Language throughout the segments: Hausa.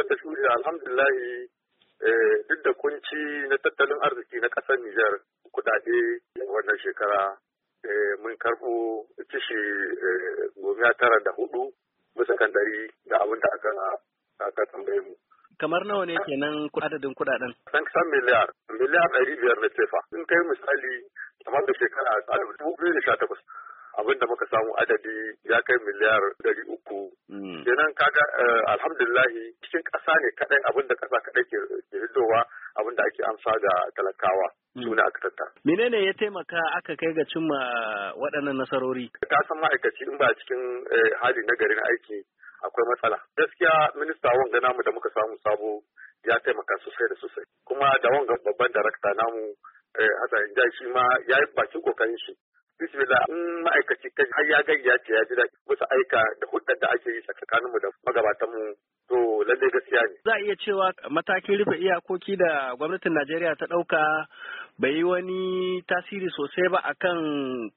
da ta shuɗe alhamdulillahi eh, duk da kunci na tattalin arziki na ƙasar Nijar kudade wannan shekara eh, mun karɓo kishi eh, gomiya tara da hudu bisa kan dari da abin da aka aka tambaye mu. Kamar nawa ne kenan adadin kudaden? San kusan miliyar, miliyar ɗari biyar na tefa. In kai misali kamar da shekara a dubu biyu da sha takwas. Abin da muka samu adadi ya kai miliyar ɗari uku Mm. kenan kaga eh, alhamdulillahi cikin ƙasa ne kaɗai abin da ƙasa kaɗai ke hidowa abin da ake amsa ga talakawa mm. suna aka tattara. menene ya taimaka aka kai ga cimma waɗannan nasarori ka san ma'aikaci in ba cikin eh, hali na garin aiki akwai matsala gaskiya minista wanga namu da muka samu sabo ya taimaka sosai da sosai kuma da wanga babban darakta namu eh, Hassan Jai shi ma ya yi bakin kokarin shi bismillah in ma'aikaci kai har ya gayyace ya ji daɗi aika da faɗa da ake yi tsakaninmu da magabatanmu to lalle gaskiya ne. Za a iya cewa matakin rufe iyakoki da gwamnatin Najeriya ta ɗauka bai yi wani tasiri sosai ba a kan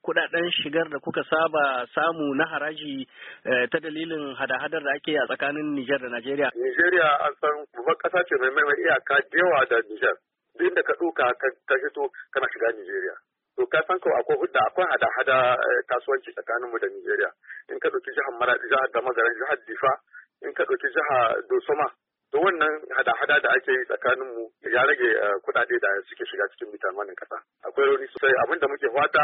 kuɗaɗen shigar da kuka saba samu na haraji eh, ta dalilin hada-hadar da ake a tsakanin Nijar da Najeriya. Nijeriya an san babban ƙasa ce mai mai iyaka da yawa da Nijar. Duk da ka ɗauka ka fito kana shiga Nijeriya. to ka san kawai akwai hudda akwai hada-hada eh, kasuwanci tsakanin mu da Nigeria in ka ɗauki jihar Maradi jihar Damagaran jihar Difa in ka ɗauki jihar Dosoma to wannan hada-hada da ake yi tsakanin mu ya rage eh, kudade da suke shiga cikin mutanen kasa. akwai rauni sosai abin da muke fata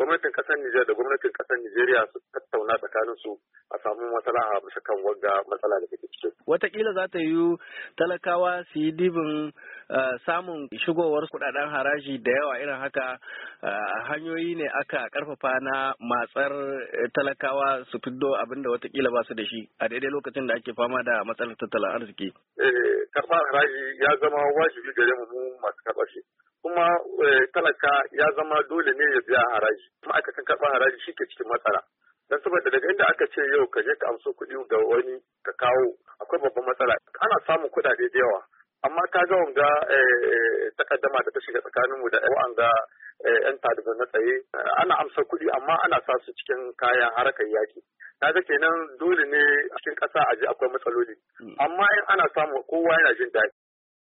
gwamnatin kasar Nijar da gwamnatin kasar Nijeriya su tattauna tsakanin su a samu maslaha bisa kan wanga matsala da take cikin. kila za ta yi talakawa su yi dibin Eh, samun shigowar kudaden haraji da yawa irin haka eh, hanyoyi ne aka karfafa na matsar eh, talakawa su fiddo abinda watakila ba su da shi a daidai lokacin da ake fama da matsalar tattalin arziki. karfan haraji ya zama wajibi gare mu masu karɓa shi kuma talaka ya zama dole ne ya biya haraji ma'aikatan karɓar haraji shi ke cikin matsala don saboda daga inda aka ce yau ka je ka amso kuɗi ga wani ka kawo akwai babban matsala ana samun kuɗaɗe da yawa amma ta ga wanga eh, takaddama da ta shiga tsakanin mu da wanga eh, yan talibai na tsaye ana amsa kuɗi amma ana sa su cikin kayan harakar yaƙi na ga kenan dole ne cikin ƙasa a ji akwai matsaloli hmm. amma in ana samu kowa yana jin daɗi